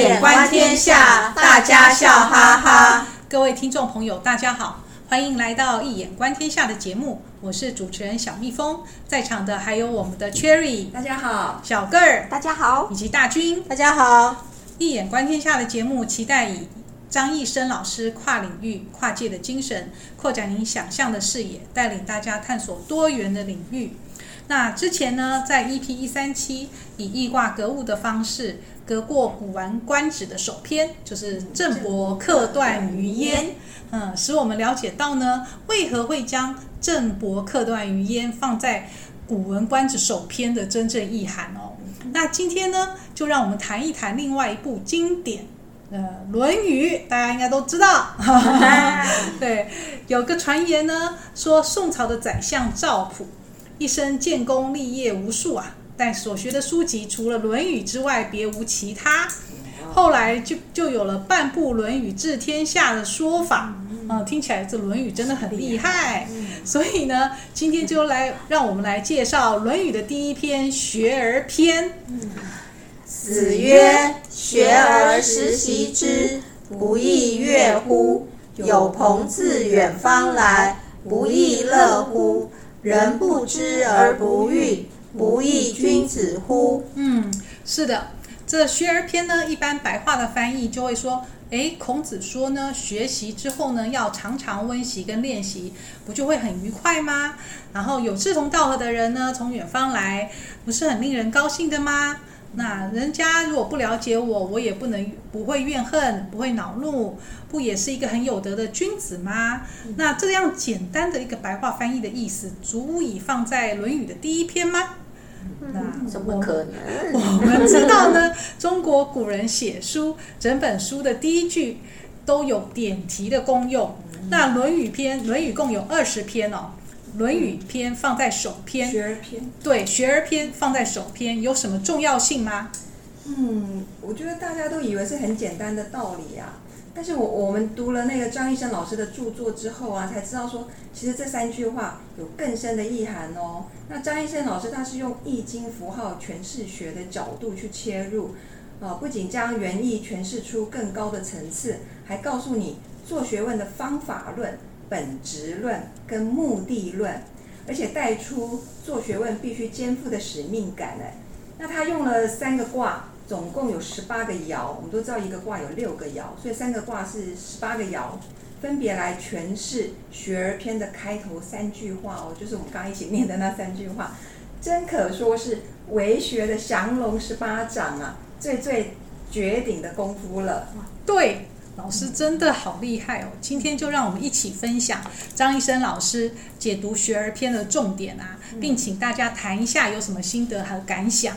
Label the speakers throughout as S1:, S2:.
S1: 眼觀天下，大家笑哈哈。
S2: 各位聽眾朋友，大家好，歡迎來到《一眼觀天下》的節目。我是主持人小蜜蜂，在場的還有我們的 Cherry，大家好；小個兒，大家好；以及大軍，大家好。《一眼觀天下》的節目，期待以張易生老師跨領域、跨界的精神，擴展您想象的視野，帶領大家探索多元的領域。那之前呢，在 EP 一三七以易卦格物的方式。隔過《古文觀止》的首篇就是《鄭伯克段於鄢》，嗯，使我們了解到呢，為何會將《鄭伯克段於鄢》放在《古文觀止》首篇的真正意涵哦。那今天呢，就讓我們談一談另外一部經典，呃，《論語》，大家應該都知道。 對，有個傳言呢，說宋朝的宰相趙普，一生建功立業無數啊。但所學的書籍除了《論語》之外，別無其他。後來就就有了“半部《論語》治天下”的說法。啊，聽起來這《論語》真的很厲害。所以呢，今天就來讓我們來介紹《論語》的第一篇《學而篇》。
S1: 子曰：“學而時習之，不亦說乎？有朋自遠方來，不亦樂乎？人
S2: 不知而不慍。”不亦君，君子乎？嗯，是的，這學而篇呢，一般白話的翻譯就會說：誒，孔子說呢，學習之後呢，要常常溫習跟練習，不就會很愉快嗎？然後有志同道合的人呢，從遠方來，不是很令人高興的嗎？那人家如果不了解我，我也不能不會怨恨，不會惱怒，不也是一個很有德的君子嗎？那這樣簡單的一個白話翻譯的意思，足以放在《論語》的第一篇嗎？那怎麼可能？ 我們知道呢，中國古人寫書，整本書的第一句都有點題的功用。那論《論語》篇，《論語》共有二十篇哦。《論語》篇放在首篇，《學而篇》對《學而篇》放在首篇有什麼重要性嗎？
S3: 嗯，我覺得大家都以為是很簡單的道理啊，但是我我們讀了那個張易生老師的著作之後啊，才知道說其實這三句話有更深的意涵哦。那張易生老師他是用易經符號詮釋學的角度去切入，啊、呃，不僅將原意詮釋出更高的層次，還告訴你做學問的方法論。本質論跟目的論，而且帶出做學問必須肩負的使命感呢、欸。那他用了三個卦，總共有十八個爻。我們都知道一個卦有六個爻，所以三個卦是十八個爻，分別來詮釋《學而篇》的開頭三句話哦，就是我們剛剛一起念的那三句話。真可說是為學的降龍十八掌啊，
S2: 最最絕頂的功夫了。哇對。老師真的好厲害哦！今天就讓我們一起分享張易生老師解讀《學而篇》的重點啊，並請大家談一下有什麼心得和感想。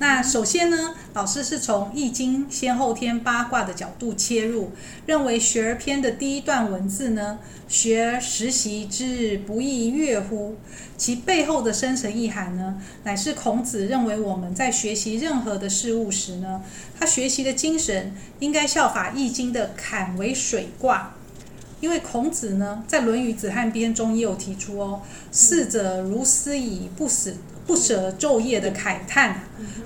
S2: 那首先呢，老師是從《易經》先後天八卦的角度切入，認為《學而篇》的第一段文字呢，“學而時習之，不亦說乎”，其背後的深層意涵呢，乃是孔子認為我們在學習任何的事物時呢，他學習的精神應該效法《易經》的坎為水卦。因為孔子呢，在《論語·子罕篇》中也有提出哦，“逝者如斯矣，不舍不舍晝夜”的慨嘆。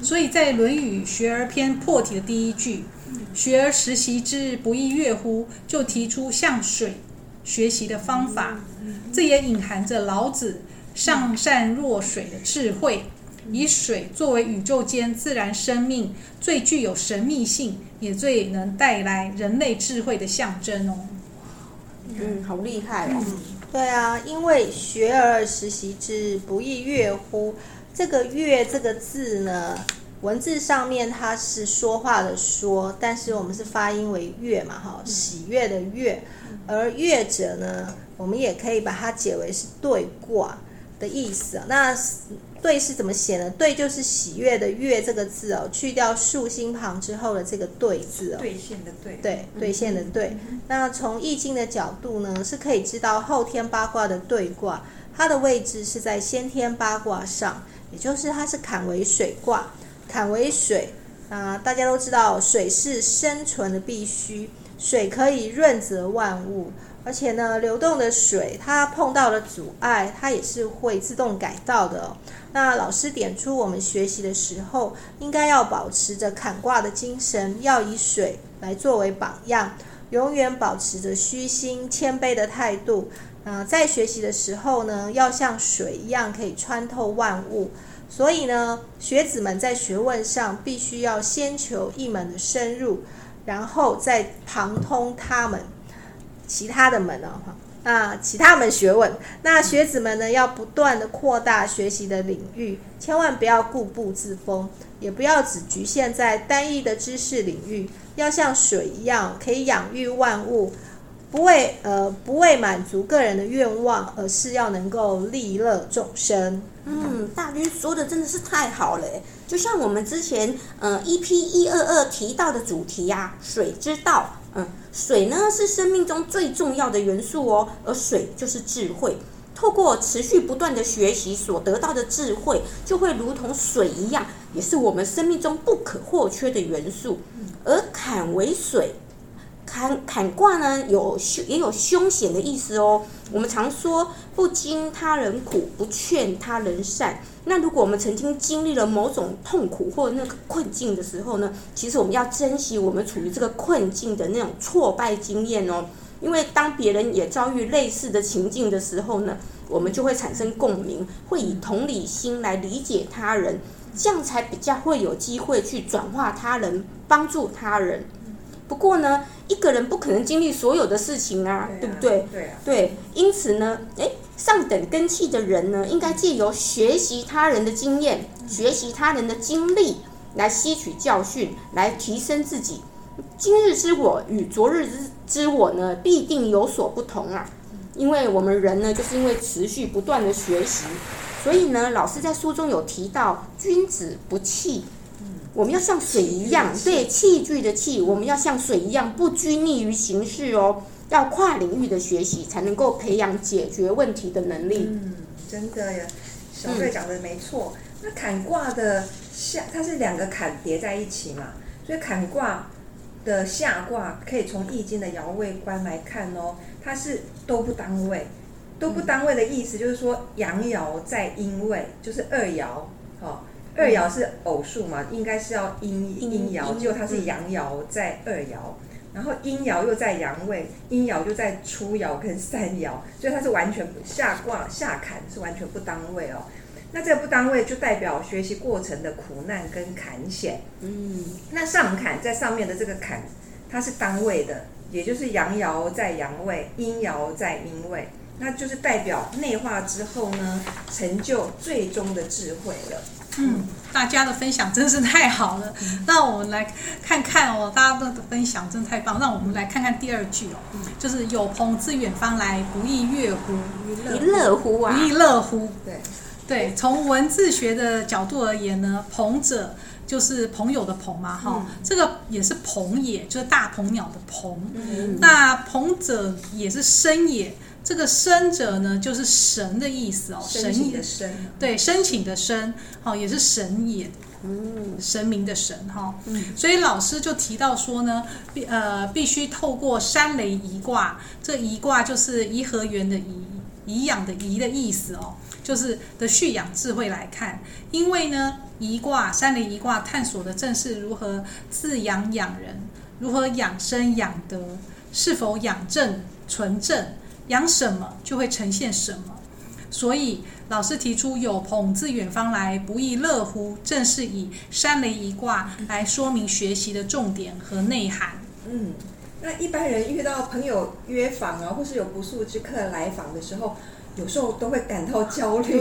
S2: 所以在《論語學而篇》破題的第一句，“學而時習之，不亦說乎？”就提出向水學習的方法。這也隱含着老子“上善若水”的智慧，以水作為宇宙間自然生命最具有神秘性，也最能帶來人類智慧的象徵哦。
S1: 嗯，好、嗯、厲害哦、嗯！對啊，因為“學而時習之，不亦說乎”這個“悅”這個字呢，文字上面它是說話的“說”，但是我們是發音為“悅”嘛，哈，喜悅的“悅”。而“悅”者呢，我們也可以把它解為是兌卦的意思。那兌是怎麼寫的？兌就是喜悅的悅這個字哦，去掉豎心旁之後的這個兌字哦。兌現的兌。對，兌現的兌、嗯嗯。那從易經的角度呢，是可以知道後天八卦的兌卦，它的位置是在先天八卦上，也就是它是坎為水卦。坎為水那、呃、大家都知道水是生存的必須。水可以潤澤萬物，而且呢，流動的水它碰到了阻礙，它也是會自動改道的哦。那老師點出我們學習的時候，應該要保持着坎卦的精神，要以水來作為榜樣，永遠保持着虛心謙卑的態度。啊，在學習的時候呢，要像水一樣可以穿透萬物。所以呢，學子們在學問上必須要先求一門的深入。然後再旁通他們其他的門呢、啊？哈、啊，那其他門學問，那學子們呢，要不斷地擴大學習的領域，千萬不要固步自封，也不要只局限在單一的知識領域，要像水一樣可以養育萬物，不為呃不為滿足個人的願望，而是要能夠利樂眾生。嗯，大軍說的真的是太好了誒。就像我們之前，呃 EP
S4: 一二二提到的主題呀、啊，水之道，嗯、呃，水呢是生命中最重要的元素哦，而水就是智慧。透過持續不斷的學習所得到的智慧，就會如同水一樣，也是我們生命中不可或缺的元素。而坎為水。坎卦呢，有凶也有凶險的意思哦。我們常說“不經他人苦，不勸他人善”。那如果我們曾經經歷了某種痛苦或那個困境的時候呢，其實我們要珍惜我們處於這個困境的那種挫敗經驗哦。因為當別人也遭遇類似的情境的時候呢，我們就會產生共鳴，會以同理心來理解他人，這樣才比較會有機會去轉化他人，幫助他人。不過呢，一個人不可能經歷所有的事情啊，對啊，對不
S2: 對？對啊？
S4: 對，因此呢，誒，上等根器的人呢，應該借由學習他人的經驗，學習他人的經歷，來吸取教訓，來提升自己。今日之我與昨日之之我呢，必定有所不同啊，因為我們人呢，就是因為持續不斷的學習，所以呢，老師在書中有提到，君子不器。我們要像水一樣，對，器具的器，我們要像水一樣，不拘泥於形式哦。要跨領域的學習，才能夠培養解決問題的能力。嗯，
S3: 真的呀，小瑞講的沒錯，嗯。那坎卦的下，它是兩個坎疊在一起嘛，所以坎卦的下卦可以從《易經》的爻位觀來看哦。它是都不當位，都不當位的意思就是說陽爻在陰位，就是二爻，哦二爻是偶數嘛，應該是要陰陰爻，結果它是陽爻在二爻，然後陰爻又在陽位，陰爻就在初爻跟三爻，所以它是完全下卦下坎是完全不當位哦。那這個不當位就代表學習過程的苦難跟坎險。嗯，那上坎在上面的這個坎，它是當位的，也就是陽爻在陽位，陰爻在陰位。那就是代表內化之後呢，成就最終的智慧
S2: 了。嗯，大家的分享真是太好了。那、嗯、我們來看看哦，大家的分享真的太棒。讓我們來看看第二句哦，嗯、就是“有朋自遠方來，不亦樂乎？”不亦樂乎啊！不亦樂乎。對對，從文字學的角度而言呢，“朋”者就是朋友的“朋”嘛，哈、嗯，這個也是“朋”也，就是大鵬鳥的“鵬”、嗯嗯。那“朋”者也是“生”也。這個“申”者呢，就是神的意思哦，神也的“申”，對，申請的“申”哦，好，也是神也、嗯，神明的“神”哈、哦嗯，所以老師就提到說呢，必呃必須透過山雷頤卦，這一卦就是頤和園的頤、頤養的“頤”的意思哦，就是的蓄養智慧來看，因為呢，頤卦山雷頤卦探索的正是如何自養養人，如何養生養德，是否養正純正。養什麼就會呈現什麼，所以老師提出“有朋自遠方來，不亦樂乎”，正是以山雷頤卦來說明學習的重點和內涵。嗯，那
S3: 一般人遇到朋友約訪啊，或是有不速之客來訪的時候，有時候都會感到焦慮，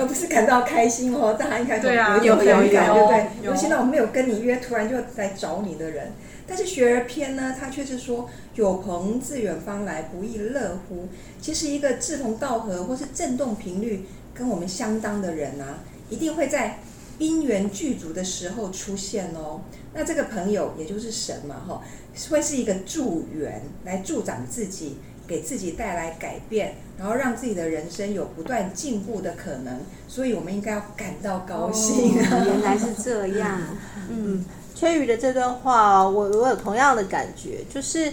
S3: 而不是感到開心哦。在家應該對啊，有點有，有？有，對不對？尤其那我沒有跟你約，突然就來找你的人。但是《學而篇》呢，它卻是說：“有朋自遠方來，不亦樂乎？”其實，一個志同道合或是振動頻率跟我們相當的人啊，一定會在因緣具足的時候出現哦。那這個朋友也就是神嘛，哈，會是一個助緣，來助長自己，給自己帶來改變，然後讓自己的人生有不斷進步的可能。所以，我們應該要感到高興啊。哦，原來是這樣， 嗯。嗯
S1: 崔瑜的這段話，我我有同樣的感覺，就是，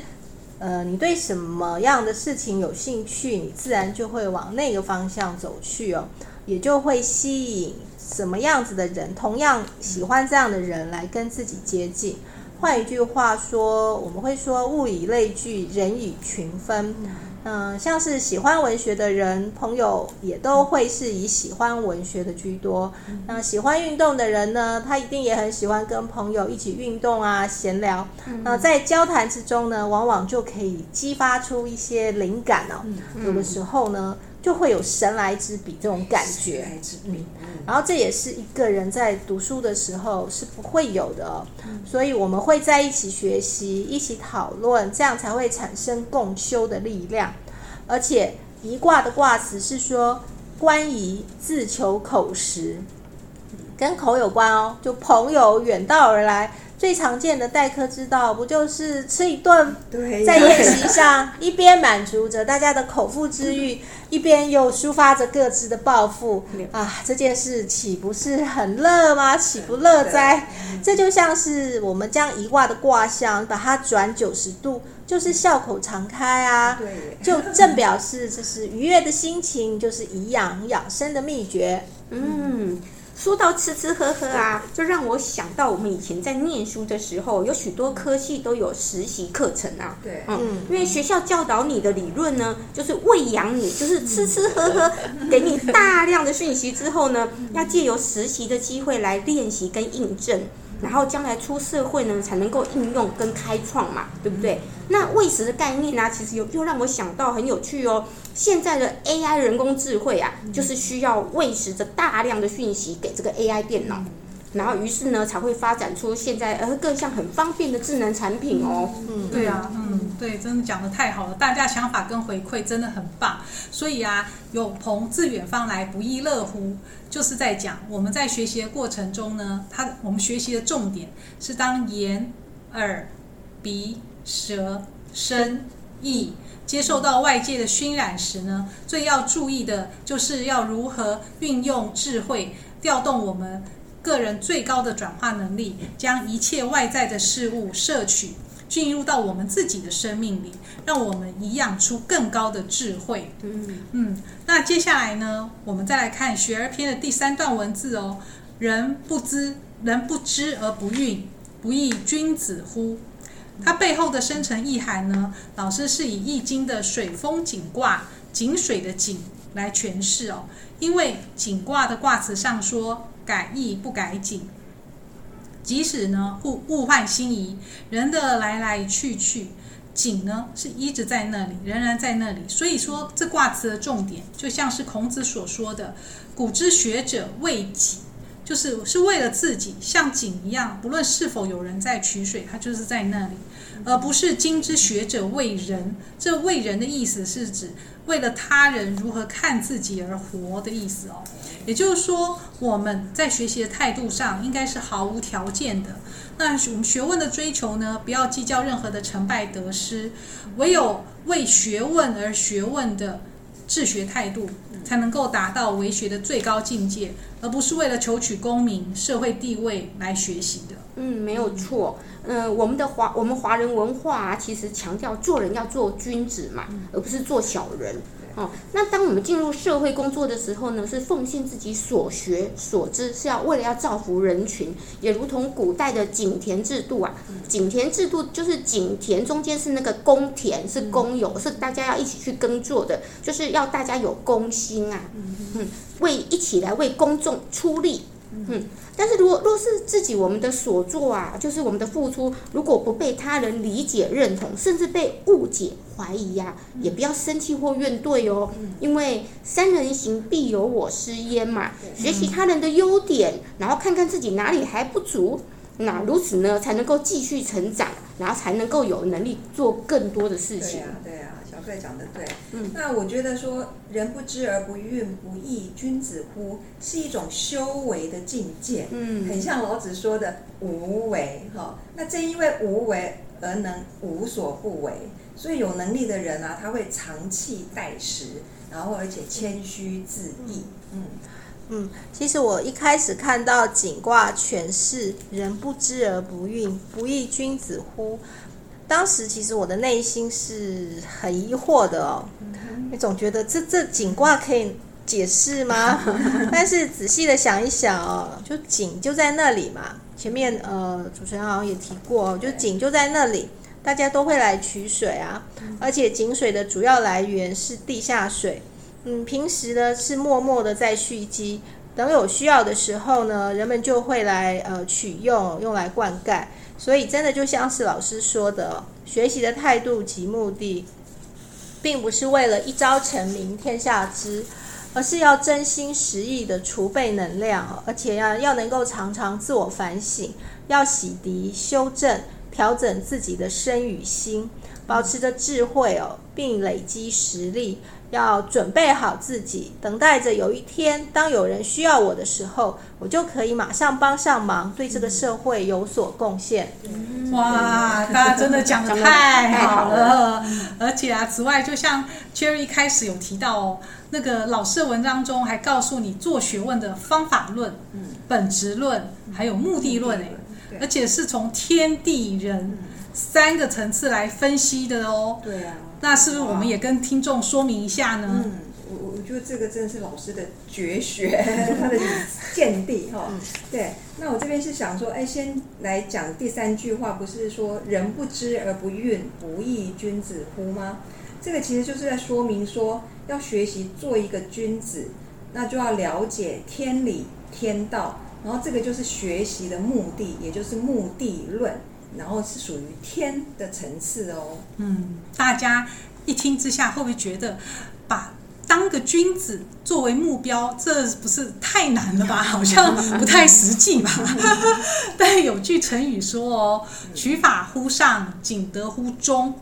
S1: 呃，你對什麼樣的事情有興趣，你自然就會往那個方向走去哦，也就會吸引什麼樣子的人，同樣喜歡這樣的人來跟自己接近。換一句話說，我們會說物以類聚，人以群分。嗯、呃，像是喜歡文學的人，朋友也都會是以喜歡文學的居多。那喜歡運動的人呢，他一定也很喜歡跟朋友一起運動啊，閒聊。那、呃、在交談之中呢，往往就可以激發出一些靈感哦。有的時候呢。嗯就會有神來之筆這種感覺，嗯，然後這也是一個人在讀書的時候是不會有的，哦，所以我們會在一起學習、一起討論，這樣才會產生共修的力量。而且頤卦的卦辭是說“觀頤，自求口實”，跟口有關哦，就朋友遠道而來。最常見的待客之道，不就是吃一頓，在宴席上一邊滿足着大家的口腹之欲、嗯，一邊又抒發着各自的抱負、嗯、啊？這件事豈不是很樂嗎？豈不樂哉？嗯嗯、這就像是我們將一卦的卦象把它轉九十度，就是笑口常開啊！
S4: 就
S1: 正表示就是愉悅的心情，就是頤養養生的秘訣。嗯。嗯說到吃吃喝喝啊、嗯，就讓我想到我們以前在念書
S4: 的時候，有許多科系都有實習課程啊。對，嗯，嗯，因為學校教導你的理論呢，就是餵養你，就是吃吃喝喝，嗯、給你大量的訊息之後呢，嗯、要借由實習的機會來練習跟印證。然後將來出社會呢，才能夠應用跟開創嘛，對不對？嗯、那餵食的概念呢、啊，其實又又讓我想到很有趣哦。現在的 AI 人工智慧啊，嗯、就是需要餵食着大量的訊息給這個 AI 電腦，嗯、然後於是呢，才會發展出現在呃
S2: 各項很方便的智能產品哦。嗯，嗯對啊。對，真的講得太好了，大家想法跟回饋真的很棒。所以啊，有朋自遠方來，不亦樂乎，就是在講我們在學習的過程中呢，他我們學習的重點是當眼、耳、鼻、舌、身、意接受到外界的熏染時呢，最要注意的就是要如何運用智慧，調動我們個人最高的轉化能力，將一切外在的事物攝取。進入到我們自己的生命裡，讓我們頤養出更高的智慧。嗯嗯。那接下來呢，我們再來看《學而篇》的第三段文字哦：“人不知，人不知而不慍，不亦君子乎？”它背後的深層意涵呢，老師是以《易經》的水風井卦“井水”的“井”來詮釋哦，因為井卦的卦辭上說：“改邑不改井。”即使呢，物物換星移，人的來來去去，井呢是一直在那裡，仍然在那裡。所以說，這卦辭的重點，就像是孔子所說的：“古之學者為己。”就是是為了自己，像井一樣，不論是否有人在取水，它就是在那裡，而不是今之學者為人。這“為人的”意思是指為了他人如何看自己而活的意思哦。也就是說，我們在學習的態度上應該是毫無條件的。那我們學問的追求呢？不要計較任何的成敗得失，唯有為學問而學問的。治學態度才能夠達到為學的最高境界，而不是為了求取功名、社會地位來學習的。
S4: 嗯，沒有錯。嗯，呃，我們的華我們華人文化啊，其實強調做人要做君子嘛，而不是做小人。哦，那當我們進入社會工作的時候呢，是奉獻自己所學所知，是要為了要造福人群，也如同古代的井田制度啊。井田制度就是井田中間是那個公田，是公有，是大家要一起去耕作的，就是要大家有公心啊，嗯，為一起來為公眾出力。嗯，但是如果若是自己我們的所做啊，就是我們的付出，如果不被他人理解、認同，甚至被誤解、懷疑呀、啊，也不要生氣或怨懟哦、嗯。因為三人行必有我師焉嘛，學習他人的優點，然後看看自己哪裡還不足，那如此呢才能夠繼續成長，然後才能夠有能力做更多的事情。對
S3: 呀，對呀。對，講得對。嗯，那我覺得說“人不知而不慍，不亦君子乎”是一種修為的境界。嗯，很像老子說的“無為”哈、哦。那正因為無為而能無所不為，所以有能力的人啊，他會藏器待時，然後而且謙虛自抑。嗯嗯，
S1: 嗯，其實我一開始看到《井卦》全是人不知而不慍，不亦君子乎”。當時其實我的內心是很疑惑的哦，你總覺得這這井卦可以解釋嗎？但是仔細的想一想哦，就井就在那裡嘛，前面呃主持人好像也提過，哦，就井就在那裡，大家都會來取水啊，而且井水的主要來源是地下水，嗯，平時呢是默默的在蓄積。等有需要的時候呢，人們就會來呃取用，用來灌溉。所以，真的就像是老師說的，學習的態度及目的，並不是為了一朝成名天下知，而是要真心實意的儲備能量，而且要、啊、要能夠常常自我反省，要洗滌、修正、調整自己的身與心，保持着智慧哦，並累積實力。要準備好自己，等待着有一天，當有人需要我的時候，我就可以馬上幫上忙，對這個社會有所貢獻。嗯嗯、哇，他真的講得太好了，講得好了！
S2: 而且啊，此外，就像 Jerry 開始有提到哦，那個老師的文章中還告訴你做學問的方法論、嗯、本質論、嗯，還有目的論，目的論，而且是從天地人三個層次來分析的哦。對啊。那是不是我們也跟聽眾說明一下呢？啊、嗯，
S3: 我我覺得這個真的是老師的絕學， 他的見地哈、 哦。對，那我這邊是想說，哎，先來講第三句話，不是說“人不知而不慍，不亦君子乎”嗎？這個其實就是在說明說，要學習做一個君子，那就要了解天理、天道，然後這個就是學習的目的，也就是目的論。
S2: 然後是屬於天的層次哦。嗯，大家一聽之下會不會覺得，把當個君子作為目標，這不是太難了吧？好像不太實際吧？ 但有句成語說哦，“取法乎上，景德乎中僅得乎中。”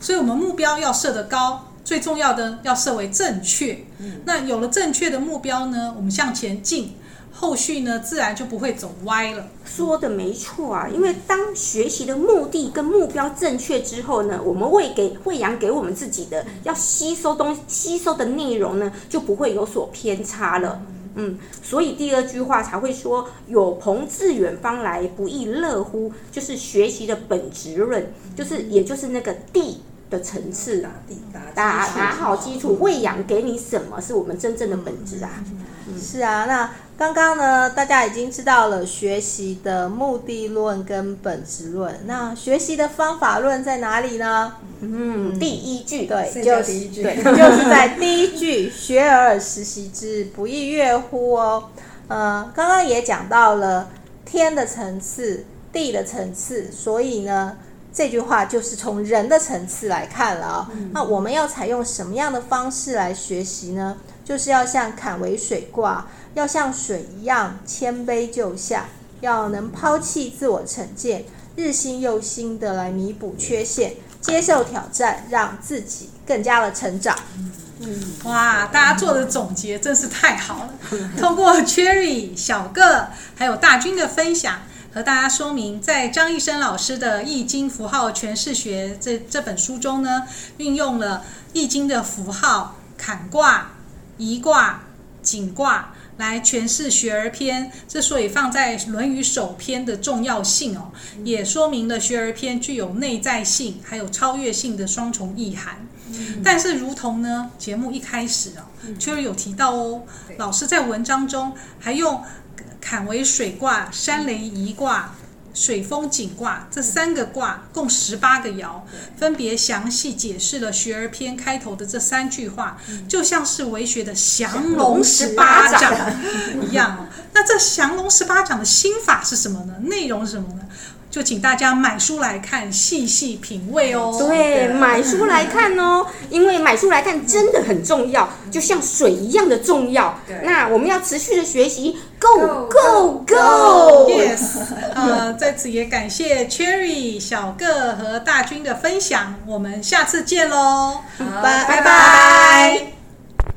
S2: 所以我們目標要設得高，最重要的要設為正確。嗯，那有了正確的目標呢，我們向前進。後續呢，自然就不會走歪了。說的沒錯啊，因為當
S4: 學習的目的跟目標正確之後呢，我們餵給餵養給我們自己的要吸收東西吸收的內容呢，就不會有所偏差了。嗯，嗯，所以第二句話才會說“有朋自遠方來，不亦樂乎”，就是學習的本質論，就是也就是那個地的層次，打打打，打，打，打好
S1: 基礎，餵養給你什麼是我們真正的本質啊，嗯嗯嗯。是啊，那。剛剛呢，大家已經知道了學習的目的論跟本質論，那學習的方法論在哪裡呢？嗯，第一句，對，是就是第一句，就是，對 就是在第一句“學而時習之，不亦說乎”哦。呃，剛剛也講到了天的層次、地的層次，所以呢，這句話就是從人的層次來看了啊、哦嗯。那我們要採用什麼樣的方式來學習呢？就是要像坎為水卦，要像水一樣謙卑就下，要能拋棄自我成見，日新又新的來彌補缺陷，接受挑戰，讓自己更加的
S2: 成長。嗯嗯、哇、嗯，大家做的總結真是太好了。嗯、通過 Cherry 小個還有大軍的分享，和大家說明，在張易生老師的《易經符號詮釋學》這這本書中呢，運用了易經的符號坎卦。坎卦頤卦、井卦來詮釋《學而篇》之所以放在《論語》首篇的重要性哦，也說明了《學而篇》具有內在性還有超越性的雙重意涵。嗯、但是，如同呢節目一開始哦，秋、嗯、兒有提到哦，老師在文章中還用坎為水卦、山雷頤卦。水風井卦這三個卦共十八個爻，分別詳細解釋了《學而篇》開頭的這三句話，嗯、就像是為學的降龍十八掌一樣、嗯。那這降龍十八掌的心法是什麼呢？內容是什麼呢？就請大家買書來看，細細品味哦對。對，買書來看哦，因為
S4: 買書來看真的很重要，就像水一樣的重要。對，那我們要持續的學
S2: 習，Go Go Go！Yes，Go 呃，在此也感謝 Cherry 小個和大軍的分享，我們下次見嘍，拜拜拜。Bye bye bye bye